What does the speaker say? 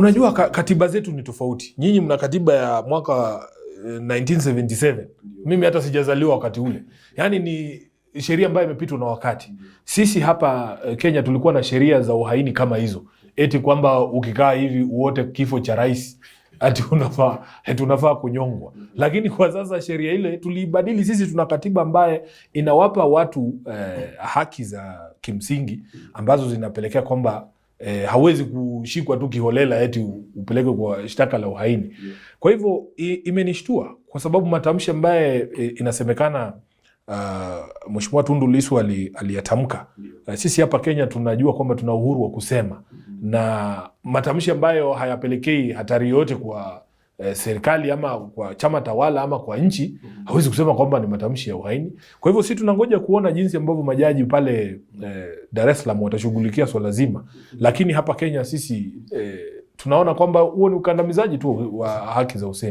Unajua ka, katiba zetu ni tofauti. Nyinyi mna katiba ya mwaka 1977 eh, mimi hata sijazaliwa wakati ule, yaani ni sheria ambayo imepitwa na wakati. Sisi hapa eh, Kenya tulikuwa na sheria za uhaini kama hizo, eti kwamba ukikaa hivi uote kifo cha rais ati unafaa eti eh, unafaa kunyongwa. Lakini kwa sasa sheria ile tuliibadili sisi, tuna katiba ambaye inawapa watu eh, haki za kimsingi ambazo zinapelekea kwamba E, hawezi kushikwa tu kiholela eti upelekwe kwa shtaka la uhaini yeah. Kwa hivyo imenishtua kwa sababu matamshi ambaye e, inasemekana uh, Mheshimiwa Tundu Lissu aliyatamka ali yeah. Eh, sisi hapa Kenya tunajua kwamba tuna uhuru wa kusema mm -hmm. na matamshi ambayo hayapelekei hatari yoyote kwa eh, serikali ama kwa chama tawala ama kwa nchi mm hawezi kusema kwamba ni matamshi ya uhaini. Kwa hivyo si tunangoja kuona jinsi ambavyo majaji pale eh, Dar es Salaam watashughulikia swala zima, lakini hapa Kenya sisi eh, tunaona kwamba huo ni ukandamizaji tu wa haki za usemi.